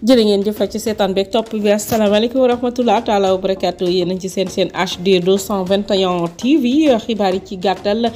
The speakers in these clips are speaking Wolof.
jërë ngeen jëf ci seetaan beeg topp bi asalaamaaleykum wa rahmatulah taalaa wa barakaatu yéen ci seen seen HD 221 TV xibaar yi ci gàttal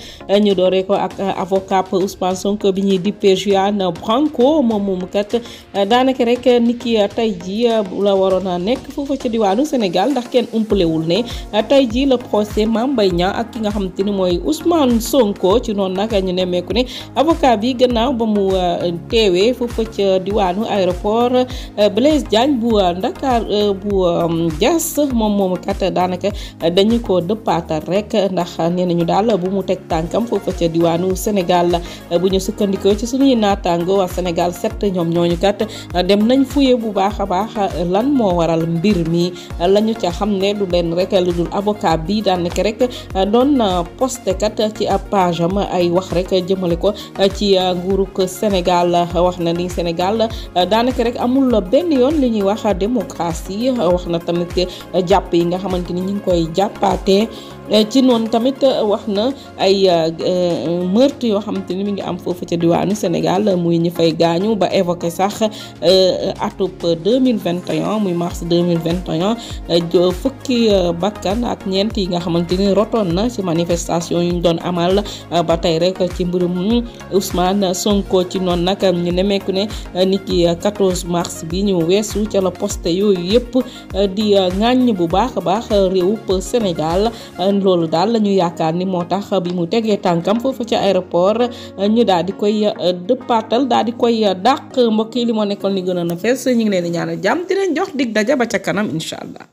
ñu dooree ko ak avocat Ousmane Sonko bi ñuy dippee Juan Branco moom moomu kat daanaka rek ni ki tey ji la waroon a nekk foofu ci diwaanu Sénégal ndax kenn umpalewul ne tey jii la procès Mame bay Niang ak ki nga xamante ni mooy Ousmane Sonko ci noonu nag ñu nemmeeku ne avocat bi gannaaw ba mu uh, teewee foofu ca diwaanu aéroport. Euh, Blaise Diagne bu Ndakaar euh, euh, bu Dias moom moomu kat daanaka dañu ko dëppaatal rek ndax nee nañu daal bu mu teg tànkam foofa ca diwaanu Sénégal la bu ñu sukkandikoo ci suñuy naataango waa Sénégal set ñoom ñooñu kat dem nañ fuye bu baax a baax lan moo waral mbir mi lañu ñu ca xam ne du leen rek lu dul avocat bi daanaka rek doon posté kat ci ab page am ay wax rek jëmale ko ci nguuruk Sénégal wax na ni Sénégal daanaka rek amul benn yoon li ñuy wax démocratie wax na tamit jàpp yi nga xamante ni ñu ngi koy jàppaatee ci non tamit waxna ay meurtre yo xamanteni mi ngi am fofu ci diwanu senegal muy ñi fay gañu ba évoquer sax atop 2021 muy mars 2021 fukki bakkan ak ñent yi nga xamanteni roton na ci manifestation yu doon amal ba tay rek ci mbirum Ousmane Sonko ci non nak ñu ku ne niki 14 mars bi ñu wessu ci la poste yooyu yep di ŋàññ bu baax baax réewub senegal loolu daal la ñu yaakaar ni moo tax bi mu tegee tànkam foofu ca aéroport ñu daal di koy euh, dëppaatal daal di koy euh, dàq mbokk yi li moo nekkoon ni gënoon a fees ñu ngi leen di ñaanal jàmm di leen jox dig daja ba ca kanam incha allah.